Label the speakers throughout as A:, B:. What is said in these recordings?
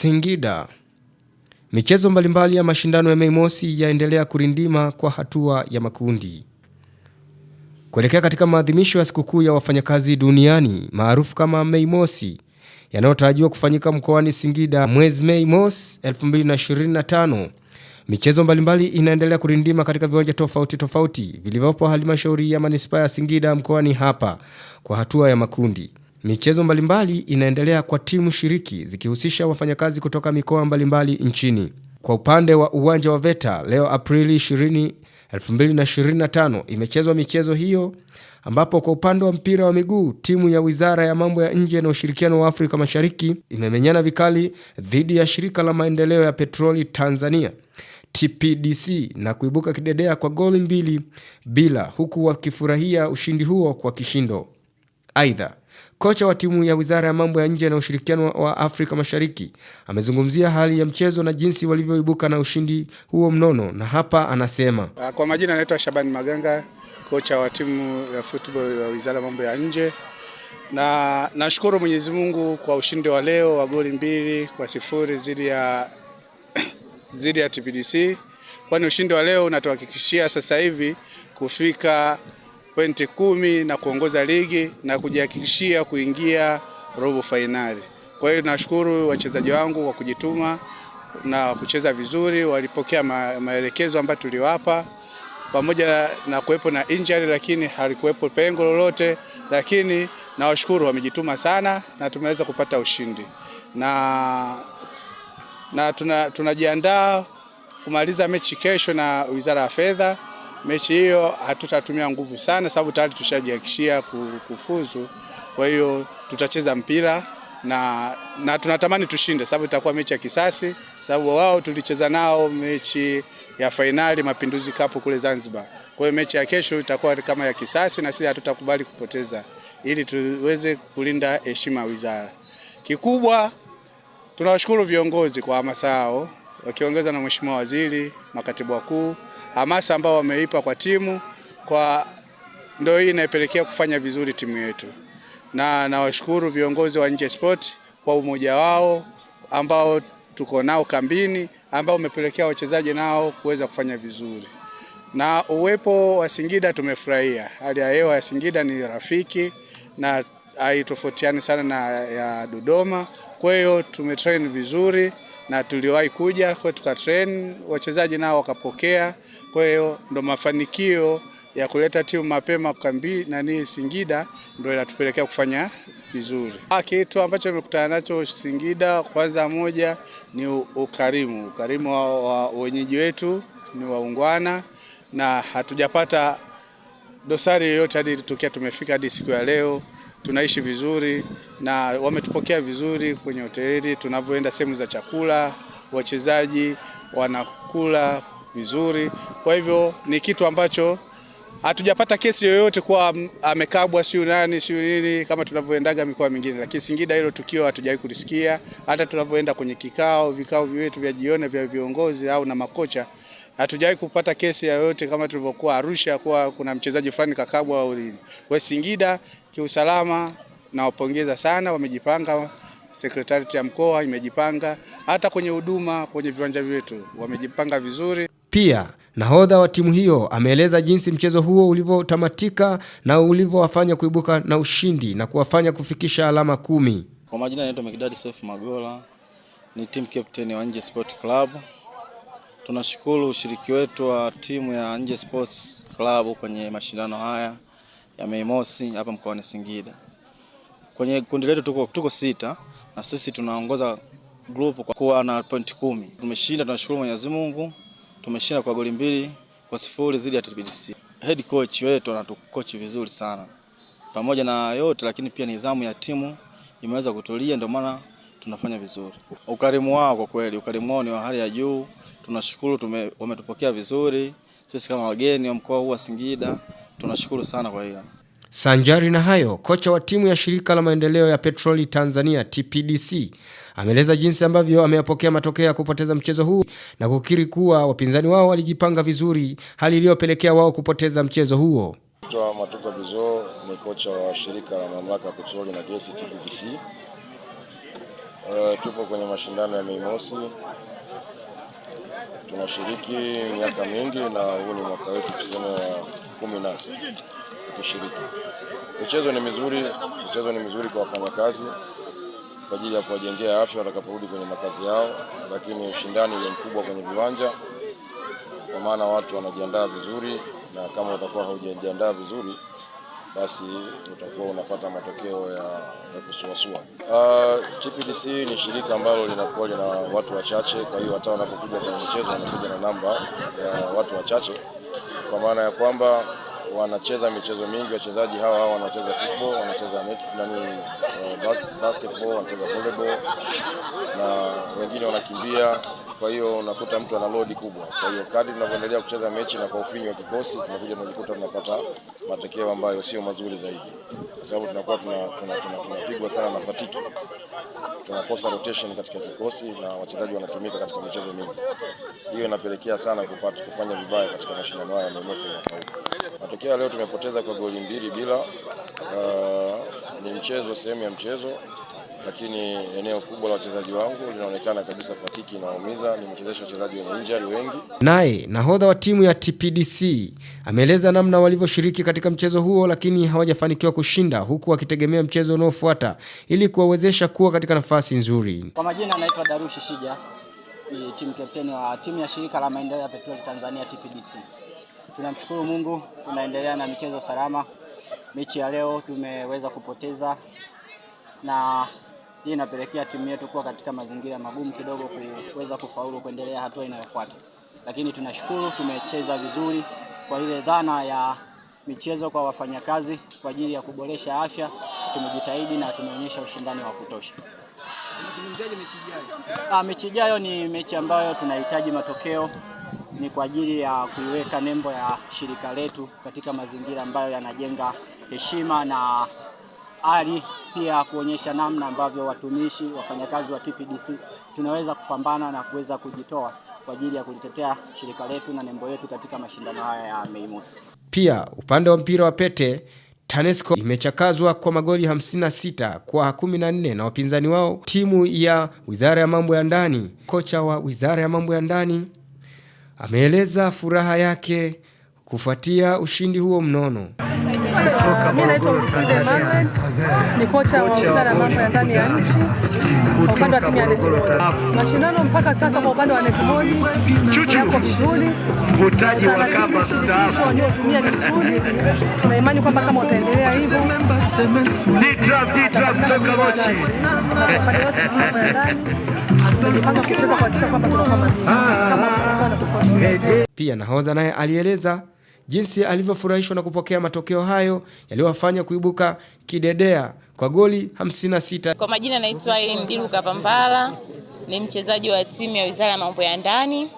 A: Singida. Michezo mbalimbali ya mashindano ya Mei Mosi yaendelea kurindima kwa hatua ya makundi kuelekea katika maadhimisho ya sikukuu ya wafanyakazi duniani maarufu kama Mei Mosi yanayotarajiwa kufanyika mkoani Singida mwezi Mei Mosi 2025. Michezo mbalimbali inaendelea kurindima katika viwanja tofauti tofauti vilivyopo halmashauri ya manispaa ya Singida mkoani hapa kwa hatua ya makundi. Michezo mbalimbali inaendelea kwa timu shiriki zikihusisha wafanyakazi kutoka mikoa mbalimbali nchini. Kwa upande wa uwanja wa VETA leo Aprili 20, 2025 imechezwa michezo hiyo ambapo kwa upande wa mpira wa miguu timu ya Wizara ya Mambo ya Nje na Ushirikiano wa Afrika Mashariki imemenyana vikali dhidi ya Shirika la Maendeleo ya Petroli Tanzania TPDC na kuibuka kidedea kwa goli mbili bila huku wakifurahia ushindi huo kwa kishindo. Aidha, Kocha wa timu ya Wizara ya Mambo ya Nje na Ushirikiano wa Afrika Mashariki amezungumzia hali ya mchezo na jinsi walivyoibuka na ushindi huo mnono, na hapa anasema.
B: Ah, kwa majina anaitwa Shabani Maganga, kocha wa timu ya football ya Wizara ya Mambo ya Nje, na nashukuru Mwenyezi Mungu kwa ushindi wa leo wa goli mbili kwa sifuri dhidi ya dhidi ya TPDC, kwani ushindi wa leo unatuhakikishia sasa hivi kufika pointi kumi na kuongoza ligi na kujihakikishia kuingia robo fainali. Kwa hiyo nashukuru wachezaji wangu kwa kujituma na kucheza vizuri, walipokea ma maelekezo ambayo tuliwapa pamoja na, na kuwepo na injury lakini halikuwepo pengo lolote, lakini nawashukuru wamejituma sana na tumeweza kupata ushindi na, na tunajiandaa tuna kumaliza mechi kesho na Wizara ya Fedha mechi hiyo hatutatumia nguvu sana, sababu tayari tushajiakishia kufuzu. Kwa hiyo tutacheza mpira na, na tunatamani tushinde, sababu itakuwa mechi ya kisasi, sababu wao tulicheza nao mechi ya fainali Mapinduzi Cup kule Zanzibar. Kwa hiyo mechi ya kesho itakuwa kama ya kisasi, na sisi hatutakubali kupoteza ili tuweze kulinda heshima ya wizara. Kikubwa tunawashukuru viongozi kwa hamasa yao wakiongeza na mheshimiwa waziri, makatibu wakuu, hamasa ambao wameipa kwa timu, kwa ndio hii inaipelekea kufanya vizuri timu yetu, na nawashukuru viongozi wa Nje Sport kwa umoja wao ambao tuko nao kambini, ambao umepelekea wachezaji nao kuweza kufanya vizuri na uwepo wa Singida tumefurahia. Hali ya hewa ya Singida ni rafiki na haitofautiani sana na ya Dodoma, kwa hiyo tumetrain vizuri na tuliwahi kuja kwa tukatrain wachezaji nao wakapokea. Kwa hiyo ndo mafanikio ya kuleta timu mapema kambi nani Singida ndo inatupelekea kufanya vizuri. Ah, kitu ambacho nimekutana nacho Singida, kwanza moja ni ukarimu, ukarimu wa, wa wenyeji wetu ni waungwana na hatujapata dosari yoyote hadi tukia tumefika hadi siku ya leo tunaishi vizuri na wametupokea vizuri kwenye hoteli, tunavyoenda sehemu za chakula, wachezaji wanakula vizuri. Kwa hivyo ni kitu ambacho hatujapata kesi yoyote kuwa amekabwa siyo nani siyo nini kama tunavyoendaga mikoa mingine, lakini Singida hilo tukio hatujawahi kulisikia. Hata tunavyoenda kwenye kikao vikao vyetu vya jioni vya viongozi au na makocha, hatujawahi kupata kesi yoyote kama tulivyokuwa Arusha kuwa kuna mchezaji fulani kakabwa au nini. Kwa Singida Kiusalama nawapongeza sana, wamejipanga. Sekretarieti ya mkoa imejipanga, hata kwenye huduma kwenye viwanja vyetu wamejipanga vizuri.
A: Pia nahodha wa timu hiyo ameeleza jinsi mchezo huo ulivyotamatika na ulivyowafanya kuibuka na ushindi na kuwafanya kufikisha alama kumi.
C: Kwa majina naitwa Mekidadi Sefu Magola, ni team captain wa Nje Sport Club. Tunashukuru ushiriki wetu wa timu ya Nje Sports Club kwenye mashindano haya ya Mei Mosi hapa mkoani Singida. Kwenye kundi letu tuko, tuko sita na sisi tunaongoza group kwa kuwa na point kumi. Tumeshinda, tunashukuru Mwenyezi Mungu, tumeshinda kwa goli mbili kwa sifuri dhidi ya TBC. Head coach wetu anatukochi vizuri sana, pamoja na yote lakini pia nidhamu ya timu imeweza kutulia, ndio maana tunafanya vizuri. Ukarimu wao kwa kweli, ukarimu wao ni wa hali ya juu. Tunashukuru, wametupokea vizuri sisi kama wageni wa mkoa huu wa Singida tunashukuru sana kwa hiyo.
A: Sanjari na hayo, kocha wa timu ya shirika la maendeleo ya petroli Tanzania TPDC ameeleza jinsi ambavyo ameyapokea matokeo ya kupoteza mchezo huu na kukiri kuwa wapinzani wao walijipanga vizuri, hali iliyopelekea wao kupoteza mchezo huo.
D: Toa Matuka Bizo ni kocha wa shirika la mamlaka ya petroli na gesi TPDC. Uh, eh, tupo kwenye mashindano ya Mei Mosi tunashiriki miaka mingi na huu ni mwaka wetu tuseme wa kumi na kushiriki. Michezo ni mizuri, michezo ni mizuri kwa wafanyakazi kwa ajili ya kuwajengea afya watakaporudi kwenye makazi yao, lakini ushindani ni mkubwa kwenye viwanja, kwa maana watu wanajiandaa vizuri, na kama utakuwa haujajiandaa vizuri basi utakuwa unapata matokeo ya, ya kusuasua. Uh, ah, TPDC ni shirika ambalo linakuwa lina watu wachache, kwa hiyo hata wanapokuja kwenye michezo wanakuja na namba ya watu wachache, kwa maana ya kwamba wanacheza michezo mingi. Wachezaji hawa hawa wanacheza football, wanacheza net, nani, uh, basketball, wanacheza volleyball na wengine wanakimbia. Kwa hiyo unakuta mtu ana load kubwa. Kwa hiyo kadri tunavyoendelea kucheza mechi na kwa ufinyu wa kikosi, tunakuja tunajikuta tunapata matokeo ambayo sio mazuri zaidi, kwa sababu tunakuwa tunapigwa sana na fatiki, tunakosa rotation katika kikosi na wachezaji wanatumika katika michezo mingi. Hiyo inapelekea sana kupata kufanya vibaya katika mashindano haya ya Mosi. Matokeo leo tumepoteza kwa goli mbili bila. Uh, ni mchezo, sehemu ya mchezo lakini eneo kubwa la wachezaji wangu linaonekana kabisa fatiki inawaumiza, nimechezesha wachezaji wenye injury wengi.
A: Naye nahodha wa timu ya TPDC ameeleza namna walivyoshiriki katika mchezo huo, lakini hawajafanikiwa kushinda, huku wakitegemea mchezo unaofuata ili kuwawezesha kuwa katika nafasi nzuri.
E: Kwa majina anaitwa Darushi Shija, ni timu captain wa timu ya shirika la maendeleo ya petroli Tanzania TPDC. Tunamshukuru Mungu, tunaendelea na michezo salama. Mechi ya leo tumeweza kupoteza na hii inapelekea timu yetu kuwa katika mazingira magumu kidogo kuweza kufaulu kuendelea hatua inayofuata, lakini tunashukuru tumecheza vizuri kwa ile dhana ya michezo kwa wafanyakazi kwa ajili ya kuboresha afya. Tumejitahidi na tumeonyesha ushindani wa kutosha. Ah, mechi ijayo ni mechi ambayo tunahitaji matokeo, ni kwa ajili ya kuiweka nembo ya shirika letu katika mazingira ambayo yanajenga heshima na ari pia kuonyesha namna ambavyo watumishi, wafanyakazi wa TPDC tunaweza kupambana na kuweza kujitoa kwa ajili ya kulitetea shirika letu na nembo yetu katika mashindano haya ya Mei Mosi.
A: Pia upande wa mpira wa pete TANESCO imechakazwa kwa magoli 56 kwa 14 na wapinzani wao timu ya Wizara ya Mambo ya Ndani. Kocha wa Wizara ya Mambo ya Ndani ameeleza furaha yake kufuatia ushindi huo mnono.
F: Mimi naitwa Emmanuel, ni kocha wa wizara ya mambo ya ndani ya nchi kwa upande wa timu ya Mashindano mpaka sasa kwa upande wa yako vizuri,
G: mvutaji wa kamba
F: mstaafu waliotumia vizuri. Tuna imani kwamba kama hivyo
A: pia nahodha naye alieleza jinsi alivyofurahishwa na kupokea matokeo hayo yaliyowafanya kuibuka kidedea kwa goli 56.
H: Kwa majina naitwa Ellen Diluka ni mchezaji wa timu ya Wizara ya Mambo ya Ndani.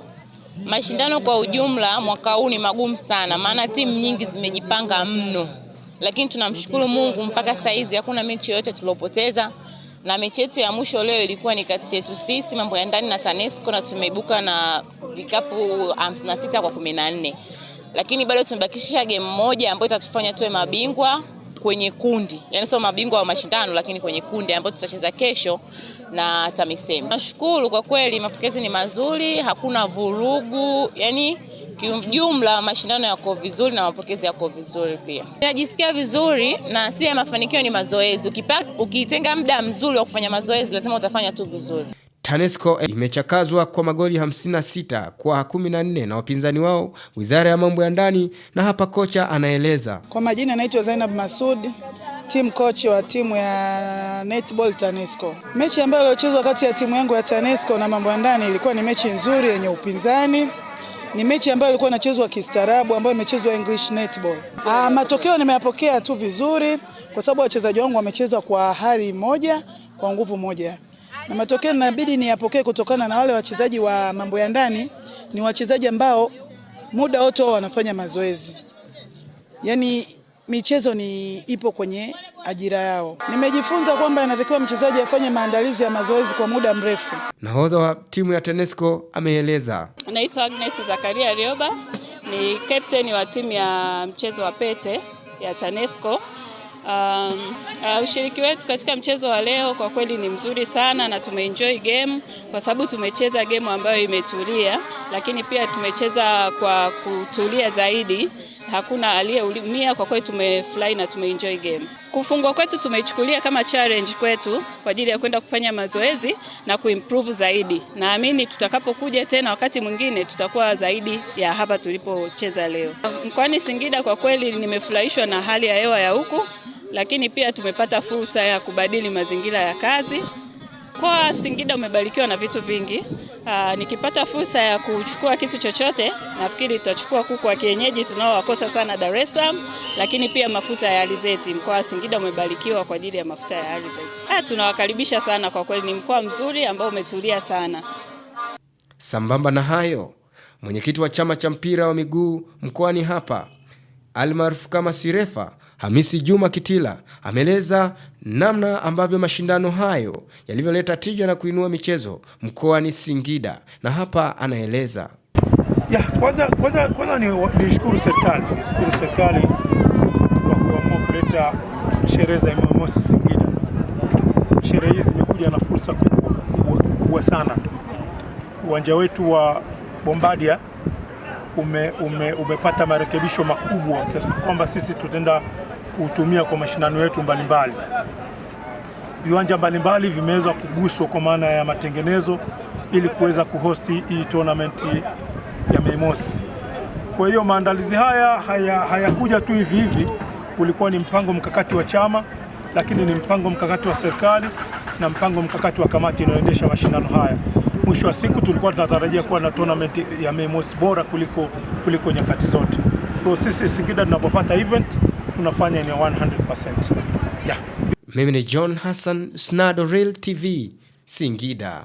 H: Mashindano kwa ujumla mwaka huu ni magumu sana, maana timu nyingi zimejipanga mno, lakini tunamshukuru Mungu mpaka saizi hakuna mechi yoyote tuliopoteza, na mechi yetu ya mwisho leo ilikuwa ni kati yetu sisi Mambo ya Ndani na TANESCO na tumeibuka na vikapu 56 kwa 14 lakini bado tumebakisha game moja ambayo itatufanya tuwe mabingwa kwenye kundi, yaani sio mabingwa wa mashindano, lakini kwenye kundi ambayo tutacheza kesho na TAMISEMI. Nashukuru kwa kweli, mapokezi ni mazuri, hakuna vurugu, yani kiujumla mashindano yako vizuri na mapokezi yako vizuri pia. Najisikia vizuri na asili ya mafanikio ni mazoezi. Ukitenga muda mzuri wa kufanya mazoezi, lazima utafanya tu vizuri.
A: TANESCO eh, imechakazwa kwa magoli 56 kwa 14 na wapinzani wao, wizara ya mambo ya ndani. Na hapa kocha anaeleza
I: kwa majina, anaitwa Zainab Masud, team coach wa timu ya netball TANESCO. Mechi ambayo iliochezwa kati ya timu yangu ya TANESCO na mambo ya ndani ilikuwa ni mechi nzuri yenye upinzani ni mechi ambayo ilikuwa inachezwa kistaarabu ambayo imechezwa English netball. Ah, matokeo nimeyapokea tu vizuri kwa sababu wachezaji wangu wamecheza kwa hali moja, kwa nguvu moja na matokeo inabidi niyapokee kutokana na wale wachezaji wa mambo ya ndani, ni wachezaji ambao muda wote wao wanafanya mazoezi, yaani michezo ni ipo kwenye ajira yao. Nimejifunza kwamba anatakiwa mchezaji afanye maandalizi ya mazoezi kwa muda mrefu.
A: Nahodha wa timu ya TANESCO ameeleza,
J: naitwa Agnes Zakaria Rioba, ni captain wa timu ya mchezo wa pete ya TANESCO. Um, uh, ushiriki wetu katika mchezo wa leo kwa kweli ni mzuri sana na tumeenjoy game kwa sababu tumecheza game ambayo imetulia, lakini pia tumecheza kwa kutulia zaidi, hakuna aliyeumia. Kwa kweli tumefurahi na tumeenjoy game. Kufungwa kwetu tumeichukulia kama challenge kwetu kwa ajili ya kwenda kufanya mazoezi na kuimprove zaidi. Naamini tutakapokuja tena wakati mwingine tutakuwa zaidi ya hapa tulipocheza leo. Mkoani Singida kwa kweli nimefurahishwa na hali ya hewa ya huku lakini pia tumepata fursa ya kubadili mazingira ya kazi. Mkoa Singida umebarikiwa na vitu vingi. Aa, ah, nikipata fursa ya kuchukua kitu chochote nafikiri tutachukua kuku wa kienyeji tunaowakosa sana Dar es Salaam, lakini pia mafuta ya alizeti. Mkoa wa Singida umebarikiwa kwa ajili ya mafuta ya alizeti. Ah, tunawakaribisha sana kwa kweli, ni mkoa mzuri ambao umetulia sana.
A: Sambamba na hayo, mwenyekiti wa chama cha mpira wa miguu mkoani hapa almaarufu kama Sirefa, Hamisi Juma Kitila ameeleza namna ambavyo mashindano hayo yalivyoleta tija na kuinua michezo mkoani Singida, na hapa anaeleza.
K: Ya, kwanza kwanza kwanza nishukuru serikali nishukuru serikali kwa kuamua kuleta sherehe za Imam Singida. Sherehe hizi zimekuja na fursa kubwa, kubwa sana uwanja wetu wa Bombadia ume, ume, umepata marekebisho makubwa kiasi kwamba sisi tutaenda kuutumia kwa mashindano yetu mbalimbali. Viwanja mbalimbali vimeweza kuguswa kwa maana ya matengenezo ili kuweza kuhosti hii tournament ya Mei Mosi. Kwa hiyo maandalizi haya hayakuja haya tu hivi hivi, ulikuwa ni mpango mkakati wa chama, lakini ni mpango mkakati wa serikali na mpango mkakati wa kamati inayoendesha mashindano haya mwisho wa siku tulikuwa tunatarajia kuwa na tournament ya Mei Mosi bora kuliko, kuliko nyakati zote. Kwa sisi Singida tunapopata event tunafanya ni 100%. Yeah.
A: Mimi ni John Hassan, Snado Real TV, Singida.